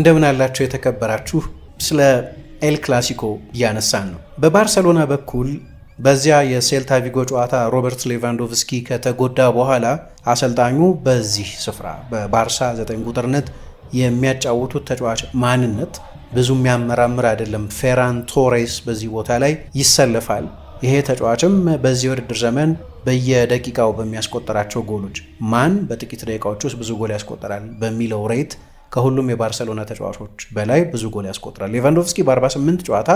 እንደምን አላችሁ የተከበራችሁ። ስለ ኤል ክላሲኮ እያነሳን ነው። በባርሰሎና በኩል በዚያ የሴልታ ቪጎ ጨዋታ ሮበርት ሌቫንዶቭስኪ ከተጎዳ በኋላ አሰልጣኙ በዚህ ስፍራ በባርሳ 9 ቁጥርነት የሚያጫውቱት ተጫዋች ማንነት ብዙ የሚያመራምር አይደለም። ፌራን ቶሬስ በዚህ ቦታ ላይ ይሰለፋል። ይሄ ተጫዋችም በዚህ ውድድር ዘመን በየደቂቃው በሚያስቆጠራቸው ጎሎች ማን በጥቂት ደቂቃዎች ውስጥ ብዙ ጎል ያስቆጠራል በሚለው ሬት ከሁሉም የባርሰሎና ተጫዋቾች በላይ ብዙ ጎል ያስቆጥራል። ሌቫንዶቭስኪ በ48 ጨዋታ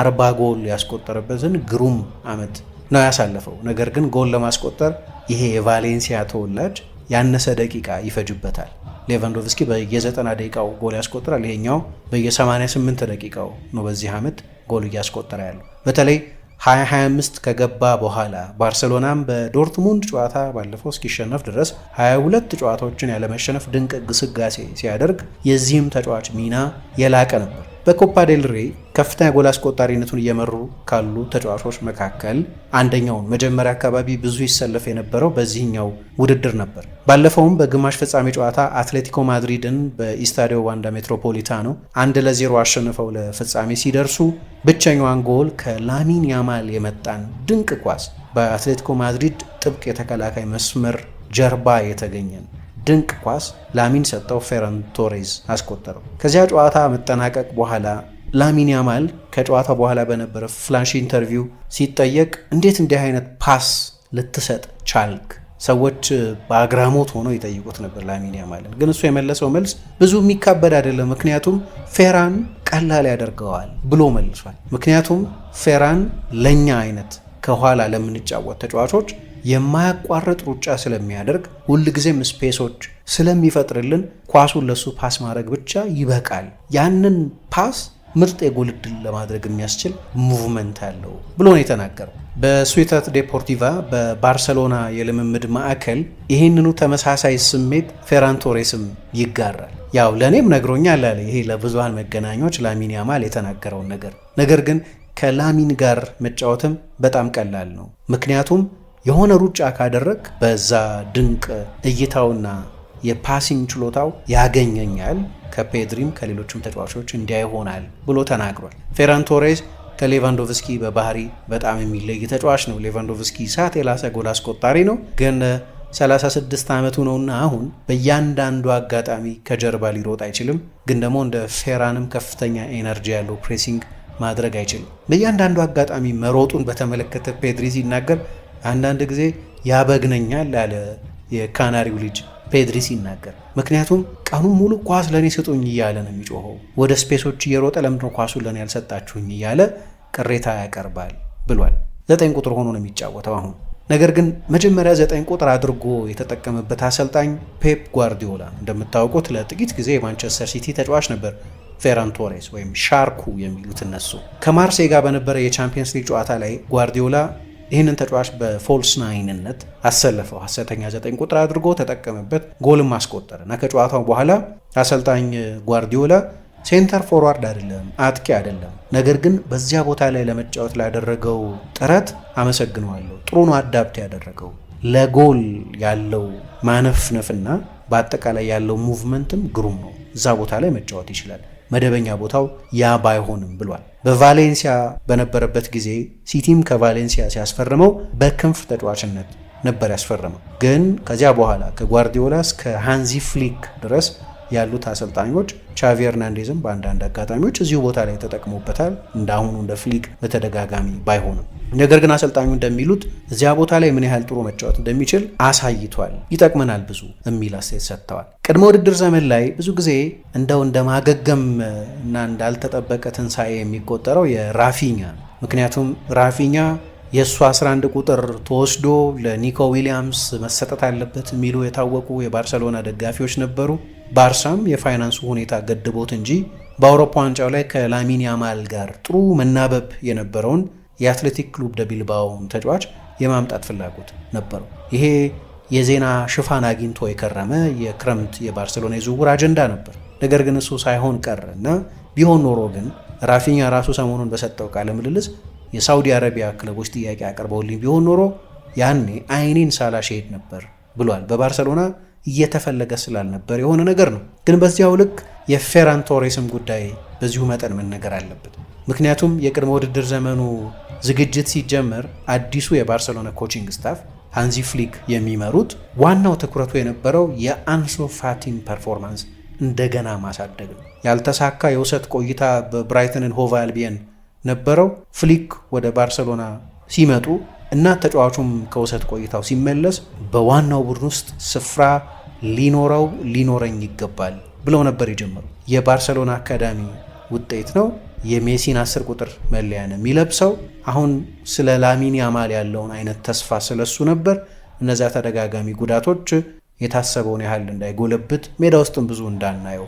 40 ጎል ያስቆጠረበትን ግሩም ዓመት ነው ያሳለፈው። ነገር ግን ጎል ለማስቆጠር ይሄ የቫሌንሲያ ተወላጅ ያነሰ ደቂቃ ይፈጅበታል። ሌቫንዶቭስኪ በየ90 ደቂቃው ጎል ያስቆጥራል። ይሄኛው በየ88 ደቂቃው ነው በዚህ ዓመት ጎል እያስቆጠረ ያለው በተለይ 2025 ከገባ በኋላ ባርሴሎናም በዶርትሙንድ ጨዋታ ባለፈው እስኪሸነፍ ድረስ 22 ጨዋታዎችን ያለመሸነፍ ድንቅ ግስጋሴ ሲያደርግ የዚህም ተጫዋች ሚና የላቀ ነበር። በኮፓ ዴል ሬይ ከፍተኛ ጎል አስቆጣሪነቱን እየመሩ ካሉ ተጫዋቾች መካከል አንደኛውን መጀመሪያ አካባቢ ብዙ ይሰለፍ የነበረው በዚህኛው ውድድር ነበር። ባለፈውም በግማሽ ፍጻሜ ጨዋታ አትሌቲኮ ማድሪድን በኢስታዲዮ ዋንዳ ሜትሮፖሊታኖ አንድ ለዜሮ አሸንፈው ለፍጻሜ ሲደርሱ ብቸኛዋን ጎል ከላሚን ያማል የመጣን ድንቅ ኳስ በአትሌቲኮ ማድሪድ ጥብቅ የተከላካይ መስመር ጀርባ የተገኘን ድንቅ ኳስ ላሚን ሰጠው፣ ፌረን ቶሬዝ አስቆጠረው። ከዚያ ጨዋታ መጠናቀቅ በኋላ ላሚን ያማል ከጨዋታ በኋላ በነበረ ፍላሽ ኢንተርቪው ሲጠየቅ እንዴት እንዲህ አይነት ፓስ ልትሰጥ ቻልክ? ሰዎች በአግራሞት ሆነው ይጠይቁት ነበር ላሚን ያማልን። ግን እሱ የመለሰው መልስ ብዙ የሚካበድ አይደለም፣ ምክንያቱም ፌራን ቀላል ያደርገዋል ብሎ መልሷል። ምክንያቱም ፌራን ለእኛ አይነት ከኋላ ለምንጫወት ተጫዋቾች የማያቋርጥ ሩጫ ስለሚያደርግ ሁልጊዜም ስፔሶች ስለሚፈጥርልን ኳሱን ለሱ ፓስ ማድረግ ብቻ ይበቃል። ያንን ፓስ ምርጥ የጎል ለማድረግ የሚያስችል ሙቭመንት አለው ብሎ ነው የተናገረው። በስዊተት ዴፖርቲቫ በባርሰሎና የልምምድ ማዕከል ይህንኑ ተመሳሳይ ስሜት ፌራን ቶሬስም ይጋራል። ያው ለእኔም ነግሮኛል አለ ይሄ ለብዙሃን መገናኛዎች ላሚን ያማል የተናገረውን ነገር። ነገር ግን ከላሚን ጋር መጫወትም በጣም ቀላል ነው። ምክንያቱም የሆነ ሩጫ ካደረግ በዛ ድንቅ እይታውና የፓሲንግ ችሎታው ያገኘኛል ከፔድሪም ከሌሎችም ተጫዋቾች እንዲያይሆናል ብሎ ተናግሯል። ፌራን ቶሬዝ ከሌቫንዶቭስኪ በባህሪ በጣም የሚለይ ተጫዋች ነው። ሌቫንዶቭስኪ ሳት የላሰ ጎል አስቆጣሪ ነው፣ ግን 36 ዓመቱ ነውና አሁን በእያንዳንዱ አጋጣሚ ከጀርባ ሊሮጥ አይችልም። ግን ደግሞ እንደ ፌራንም ከፍተኛ ኤነርጂ ያለው ፕሬሲንግ ማድረግ አይችልም። በእያንዳንዱ አጋጣሚ መሮጡን በተመለከተ ፔድሪ ሲናገር አንዳንድ ጊዜ ያበግነኛል አለ የካናሪው ልጅ ፔድሪ ሲናገር። ምክንያቱም ቀኑን ሙሉ ኳስ ለእኔ ስጡኝ እያለ ነው የሚጮኸው። ወደ ስፔሶች እየሮጠ ለምንድነው ኳሱን ለእኔ ያልሰጣችሁኝ እያለ ቅሬታ ያቀርባል ብሏል። ዘጠኝ ቁጥር ሆኖ ነው የሚጫወተው አሁን። ነገር ግን መጀመሪያ ዘጠኝ ቁጥር አድርጎ የተጠቀመበት አሰልጣኝ ፔፕ ጓርዲዮላ እንደምታውቁት ለጥቂት ጊዜ የማንቸስተር ሲቲ ተጫዋች ነበር። ፌራን ቶሬስ ወይም ሻርኩ የሚሉት እነሱ ከማርሴይ ጋር በነበረ የቻምፒየንስ ሊግ ጨዋታ ላይ ጓርዲዮላ ይህንን ተጫዋች በፎልስ ናይንነት አሰለፈው። ሀሰተኛ ዘጠኝ ቁጥር አድርጎ ተጠቀመበት፣ ጎልም አስቆጠረ እና ከጨዋታው በኋላ አሰልጣኝ ጓርዲዮላ ሴንተር ፎርዋርድ አይደለም፣ አጥቂ አይደለም፣ ነገር ግን በዚያ ቦታ ላይ ለመጫወት ላደረገው ጥረት አመሰግነዋለሁ። ጥሩ ነው አዳብት ያደረገው ለጎል ያለው ማነፍነፍና በአጠቃላይ ያለው ሙቭመንትም ግሩም ነው። እዛ ቦታ ላይ መጫወት ይችላል። መደበኛ ቦታው ያ ባይሆንም ብሏል። በቫሌንሲያ በነበረበት ጊዜ ሲቲም ከቫሌንሲያ ሲያስፈርመው በክንፍ ተጫዋችነት ነበር ያስፈረመው። ግን ከዚያ በኋላ ከጓርዲዮላ እስከ ሃንዚ ፍሊክ ድረስ ያሉት አሰልጣኞች ቻቪ ኤርናንዴዝም በአንዳንድ አጋጣሚዎች እዚሁ ቦታ ላይ ተጠቅሞበታል። እንደአሁኑ እንደ ፍሊክ በተደጋጋሚ ባይሆንም፣ ነገር ግን አሰልጣኙ እንደሚሉት እዚያ ቦታ ላይ ምን ያህል ጥሩ መጫወት እንደሚችል አሳይቷል። ይጠቅመናል ብዙ የሚል አስተያየት ሰጥተዋል። ቅድመ ውድድር ዘመን ላይ ብዙ ጊዜ እንደው እንደ ማገገም እና እንዳልተጠበቀ ትንሣኤ የሚቆጠረው የራፊኛ ምክንያቱም ራፊኛ የእሱ 11 ቁጥር ተወስዶ ለኒኮ ዊሊያምስ መሰጠት አለበት የሚሉ የታወቁ የባርሰሎና ደጋፊዎች ነበሩ። ባርሳም የፋይናንሱ ሁኔታ ገድቦት እንጂ በአውሮፓ ዋንጫው ላይ ከላሚን ያማል ጋር ጥሩ መናበብ የነበረውን የአትሌቲክ ክሉብ ደቢልባውን ተጫዋች የማምጣት ፍላጎት ነበረው። ይሄ የዜና ሽፋን አግኝቶ የከረመ የክረምት የባርሴሎና የዝውውር አጀንዳ ነበር። ነገር ግን እሱ ሳይሆን ቀረ እና ቢሆን ኖሮ ግን ራፊኛ ራሱ ሰሞኑን በሰጠው ቃለ ምልልስ የሳውዲ አረቢያ ክለቦች ጥያቄ አቅርበውልኝ ቢሆን ኖሮ ያኔ አይኔን ሳላሽ ሄድ ነበር ብሏል። በባርሰሎና እየተፈለገ ስላልነበር የሆነ ነገር ነው። ግን በዚያው ልክ የፌራን ቶሬስም ጉዳይ በዚሁ መጠን መነገር አለበት። ምክንያቱም የቅድመ ውድድር ዘመኑ ዝግጅት ሲጀመር አዲሱ የባርሰሎና ኮቺንግ ስታፍ ሃንዚ ፍሊክ የሚመሩት ዋናው ትኩረቱ የነበረው የአንሶ ፋቲን ፐርፎርማንስ እንደገና ማሳደግ ነው። ያልተሳካ የውሰት ቆይታ በብራይተንን ሆቫ አልቢየን ነበረው። ፍሊክ ወደ ባርሰሎና ሲመጡ እና ተጫዋቹም ከውሰት ቆይታው ሲመለስ በዋናው ቡድን ውስጥ ስፍራ ሊኖረው ሊኖረኝ ይገባል ብለው ነበር የጀመሩ። የባርሰሎና አካዳሚ ውጤት ነው የሜሲን አስር ቁጥር መለያ ነው የሚለብሰው። አሁን ስለ ላሚን ያማል ያለውን አይነት ተስፋ ስለሱ ነበር። እነዚያ ተደጋጋሚ ጉዳቶች የታሰበውን ያህል እንዳይጎለብት ሜዳ ውስጥም ብዙ እንዳናየው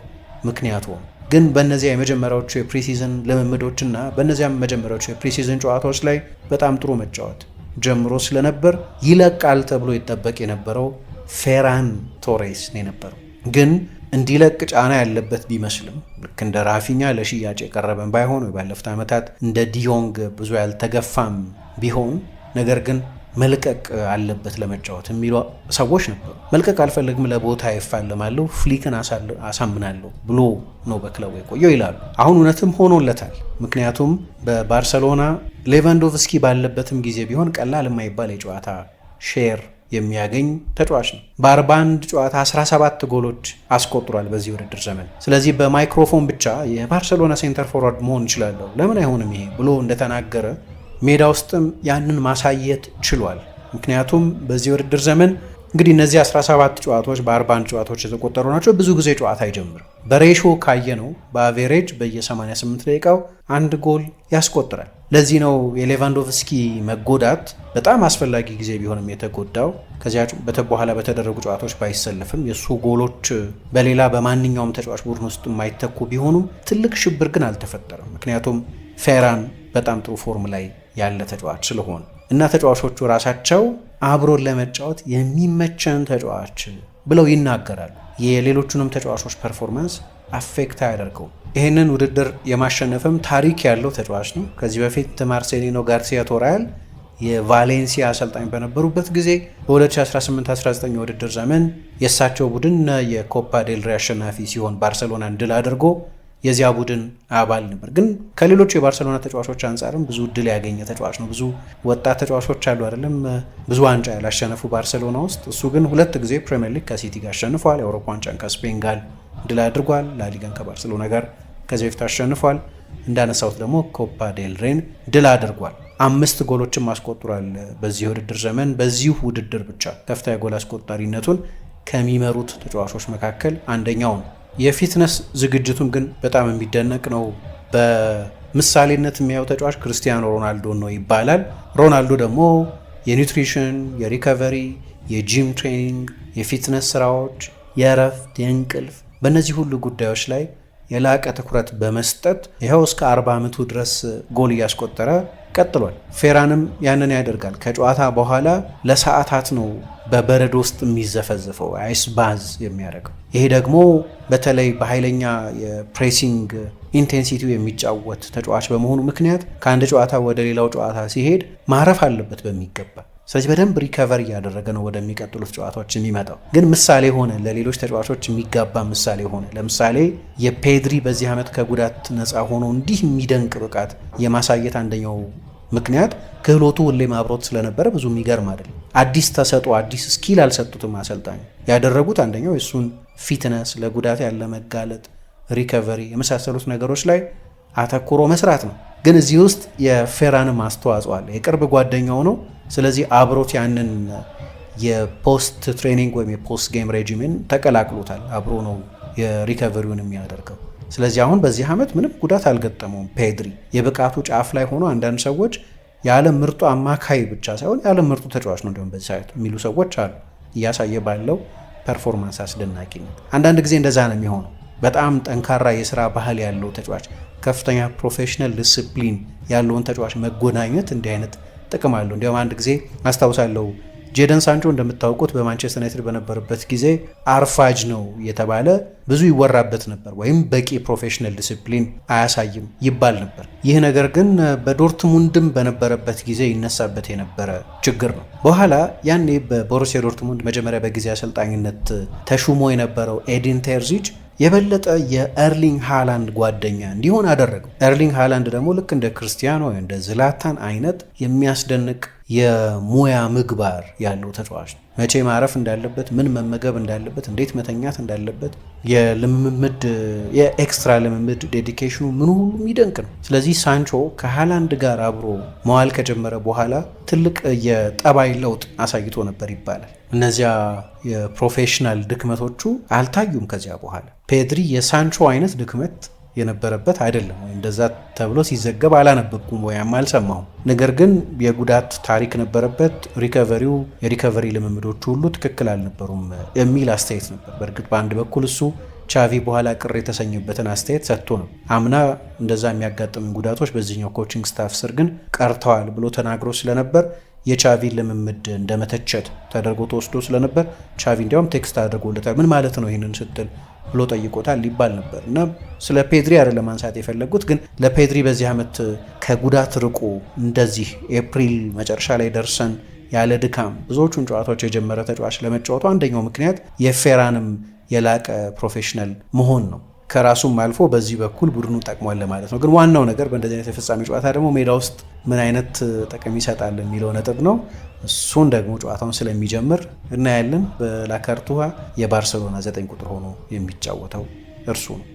ምክንያቱ ግን በእነዚያ የመጀመሪያዎቹ የፕሪሲዝን ልምምዶችና በእነዚያም መጀመሪያዎቹ የፕሪሲዝን ጨዋታዎች ላይ በጣም ጥሩ መጫወት ጀምሮ ስለነበር ይለቃል ተብሎ ይጠበቅ የነበረው ፌራን ቶሬስ ነው የነበረው። ግን እንዲለቅ ጫና ያለበት ቢመስልም ልክ እንደ ራፊኛ ለሽያጭ የቀረበን ባይሆን ባለፉት ዓመታት እንደ ዲዮንግ ብዙ ያልተገፋም ቢሆን ነገር ግን መልቀቅ አለበት ለመጫወት የሚሉ ሰዎች ነበሩ። መልቀቅ አልፈልግም ለቦታ ይፋለማለሁ፣ ፍሊክን አሳምናለሁ ብሎ ነው በክለቡ የቆየው ይላሉ። አሁን እውነትም ሆኖለታል። ምክንያቱም በባርሰሎና ሌቫንዶቭስኪ ባለበትም ጊዜ ቢሆን ቀላል የማይባል የጨዋታ ሼር የሚያገኝ ተጫዋች ነው። በ41 ጨዋታ 17 ጎሎች አስቆጥሯል በዚህ ውድድር ዘመን። ስለዚህ በማይክሮፎን ብቻ የባርሰሎና ሴንተር ፎርዋርድ መሆን ይችላለሁ፣ ለምን አይሆንም ይሄ ብሎ እንደተናገረ ሜዳ ውስጥም ያንን ማሳየት ችሏል። ምክንያቱም በዚህ ውድድር ዘመን እንግዲህ እነዚህ 17 ጨዋታዎች በ41 ጨዋታዎች የተቆጠሩ ናቸው። ብዙ ጊዜ ጨዋታ አይጀምርም። በሬሾ ካየ ነው በአቬሬጅ በየ88 ደቂቃው አንድ ጎል ያስቆጥራል። ለዚህ ነው የሌቫንዶቭስኪ መጎዳት በጣም አስፈላጊ ጊዜ ቢሆንም የተጎዳው ከዚያ በኋላ በተደረጉ ጨዋታዎች ባይሰለፍም የእሱ ጎሎች በሌላ በማንኛውም ተጫዋች ቡድን ውስጥ የማይተኩ ቢሆኑም ትልቅ ሽብር ግን አልተፈጠረም። ምክንያቱም ፌራን በጣም ጥሩ ፎርም ላይ ያለ ተጫዋች ስለሆነ እና ተጫዋቾቹ ራሳቸው አብሮን ለመጫወት የሚመቸን ተጫዋች ብለው ይናገራሉ። የሌሎቹንም ተጫዋቾች ፐርፎርማንስ አፌክት አያደርገውም። ይህንን ውድድር የማሸነፍም ታሪክ ያለው ተጫዋች ነው። ከዚህ በፊት ማርሴሊኖ ጋርሲያ ቶራያል የቫሌንሲያ አሰልጣኝ በነበሩበት ጊዜ በ2018/19 ዘመን የእሳቸው ቡድን የኮፓ ዴልሬ አሸናፊ ሲሆን ባርሰሎናን ድል አድርጎ የዚያ ቡድን አባል ነበር። ግን ከሌሎቹ የባርሰሎና ተጫዋቾች አንጻርም ብዙ ድል ያገኘ ተጫዋች ነው። ብዙ ወጣት ተጫዋቾች አሉ አይደለም፣ ብዙ ዋንጫ ያላሸነፉ ባርሰሎና ውስጥ። እሱ ግን ሁለት ጊዜ ፕሪምየር ሊግ ከሲቲ ጋር አሸንፏል። የአውሮፓ ዋንጫን ከስፔን ጋር ድል አድርጓል። ላሊጋን ከባርሰሎና ጋር ከዚህ በፊት አሸንፏል። እንዳነሳሁት ደግሞ ኮፓ ዴል ሬን ድል አድርጓል። አምስት ጎሎችን አስቆጥሯል በዚህ ውድድር ዘመን። በዚሁ ውድድር ብቻ ከፍታ የጎል አስቆጣሪነቱን ከሚመሩት ተጫዋቾች መካከል አንደኛው ነው። የፊትነስ ዝግጅቱም ግን በጣም የሚደነቅ ነው። በምሳሌነት የሚያየው ተጫዋች ክርስቲያኖ ሮናልዶ ነው ይባላል። ሮናልዶ ደግሞ የኒውትሪሽን፣ የሪከቨሪ፣ የጂም ትሬኒንግ፣ የፊትነስ ስራዎች፣ የእረፍት፣ የእንቅልፍ በእነዚህ ሁሉ ጉዳዮች ላይ የላቀ ትኩረት በመስጠት ይኸው እስከ 40 ዓመቱ ድረስ ጎል እያስቆጠረ ቀጥሏል። ፌራንም ያንን ያደርጋል። ከጨዋታ በኋላ ለሰዓታት ነው በበረዶ ውስጥ የሚዘፈዘፈው አይስ ባዝ የሚያደርገው ይሄ ደግሞ በተለይ በኃይለኛ የፕሬሲንግ ኢንቴንሲቲ የሚጫወት ተጫዋች በመሆኑ ምክንያት ከአንድ ጨዋታ ወደ ሌላው ጨዋታ ሲሄድ ማረፍ አለበት በሚገባ። ስለዚህ በደንብ ሪከቨር እያደረገ ነው ወደሚቀጥሉት ጨዋታዎች የሚመጣው። ግን ምሳሌ ሆነ፣ ለሌሎች ተጫዋቾች የሚጋባ ምሳሌ ሆነ። ለምሳሌ የፔድሪ በዚህ ዓመት ከጉዳት ነፃ ሆኖ እንዲህ የሚደንቅ ብቃት የማሳየት አንደኛው ምክንያት ክህሎቱ ሁሌም አብሮት ስለነበረ ብዙ የሚገርም አይደለም። አዲስ ተሰጥኦ አዲስ ስኪል አልሰጡትም። አሰልጣኙ ያደረጉት አንደኛው የእሱን ፊትነስ፣ ለጉዳት ያለ መጋለጥ፣ ሪከቨሪ የመሳሰሉት ነገሮች ላይ አተኩሮ መስራት ነው። ግን እዚህ ውስጥ የፌራንም አስተዋጽኦ አለ። የቅርብ ጓደኛው ነው። ስለዚህ አብሮት ያንን የፖስት ትሬኒንግ ወይም የፖስት ጌም ሬጂሜን ተቀላቅሎታል። አብሮ ነው የሪከቨሪውን የሚያደርገው። ስለዚህ አሁን በዚህ ዓመት ምንም ጉዳት አልገጠመውም። ፔድሪ የብቃቱ ጫፍ ላይ ሆኖ አንዳንድ ሰዎች የዓለም ምርጡ አማካይ ብቻ ሳይሆን የዓለም ምርጡ ተጫዋች ነው እንዲሁም በዚህ ሰዓት የሚሉ ሰዎች አሉ። እያሳየ ባለው ፐርፎርማንስ አስደናቂ ነው። አንዳንድ ጊዜ እንደዛ ነው የሚሆነው። በጣም ጠንካራ የስራ ባህል ያለው ተጫዋች፣ ከፍተኛ ፕሮፌሽናል ዲስፕሊን ያለውን ተጫዋች መጎናኘት እንዲህ አይነት ጥቅም አለው። እንዲሁም አንድ ጊዜ አስታውሳለሁ ጄደን ሳንቾ እንደምታውቁት በማንቸስተር ዩናይትድ በነበረበት ጊዜ አርፋጅ ነው የተባለ ብዙ ይወራበት ነበር፣ ወይም በቂ ፕሮፌሽናል ዲስፕሊን አያሳይም ይባል ነበር። ይህ ነገር ግን በዶርትሙንድም በነበረበት ጊዜ ይነሳበት የነበረ ችግር ነው። በኋላ ያኔ በቦሩሲያ ዶርትሙንድ መጀመሪያ በጊዜ አሰልጣኝነት ተሹሞ የነበረው ኤዲን ቴርዚች የበለጠ የኤርሊንግ ሃላንድ ጓደኛ እንዲሆን አደረገው። ኤርሊንግ ሃላንድ ደግሞ ልክ እንደ ክርስቲያኖ እንደ ዝላታን አይነት የሚያስደንቅ የሙያ ምግባር ያለው ተጫዋች ነው። መቼ ማረፍ እንዳለበት፣ ምን መመገብ እንዳለበት፣ እንዴት መተኛት እንዳለበት የልምምድ የኤክስትራ ልምምድ ዴዲኬሽኑ ምን ሁሉ የሚደንቅ ነው። ስለዚህ ሳንቾ ከሃላንድ ጋር አብሮ መዋል ከጀመረ በኋላ ትልቅ የጠባይ ለውጥ አሳይቶ ነበር ይባላል። እነዚያ የፕሮፌሽናል ድክመቶቹ አልታዩም ከዚያ በኋላ። ፔድሪ የሳንቾ አይነት ድክመት የነበረበት አይደለም ወይም እንደዛ ተብሎ ሲዘገብ አላነበብኩም ወይም አልሰማሁም። ነገር ግን የጉዳት ታሪክ ነበረበት፣ ሪከቨሪው የሪከቨሪ ልምምዶቹ ሁሉ ትክክል አልነበሩም የሚል አስተያየት ነበር። በእርግጥ በአንድ በኩል እሱ ቻቪ በኋላ ቅር የተሰኘበትን አስተያየት ሰጥቶ ነው። አምና እንደዛ የሚያጋጥሙ ጉዳቶች በዚህኛው ኮችንግ ስታፍ ስር ግን ቀርተዋል ብሎ ተናግሮ ስለነበር የቻቪ ልምምድ እንደመተቸት ተደርጎ ተወስዶ ስለነበር ቻቪ እንዲያውም ቴክስት አድርጎለታል። ምን ማለት ነው ይህንን ስትል ብሎ ጠይቆታል ሊባል ነበር እና ስለ ፔድሪ አይደለም ለማንሳት የፈለጉት ግን ለፔድሪ በዚህ ዓመት ከጉዳት ርቆ እንደዚህ ኤፕሪል መጨረሻ ላይ ደርሰን ያለ ድካም ብዙዎቹን ጨዋታዎች የጀመረ ተጫዋች ለመጫወቱ አንደኛው ምክንያት የፌራንም የላቀ ፕሮፌሽናል መሆን ነው። ከራሱም አልፎ በዚህ በኩል ቡድኑ ጠቅሟል ማለት ነው። ግን ዋናው ነገር በእንደዚህ አይነት የፍጻሜ ጨዋታ ደግሞ ሜዳ ውስጥ ምን አይነት ጥቅም ይሰጣል የሚለው ነጥብ ነው። እሱን ደግሞ ጨዋታውን ስለሚጀምር እናያለን። በላካርቱሃ የባርሰሎና ዘጠኝ ቁጥር ሆኖ የሚጫወተው እርሱ ነው።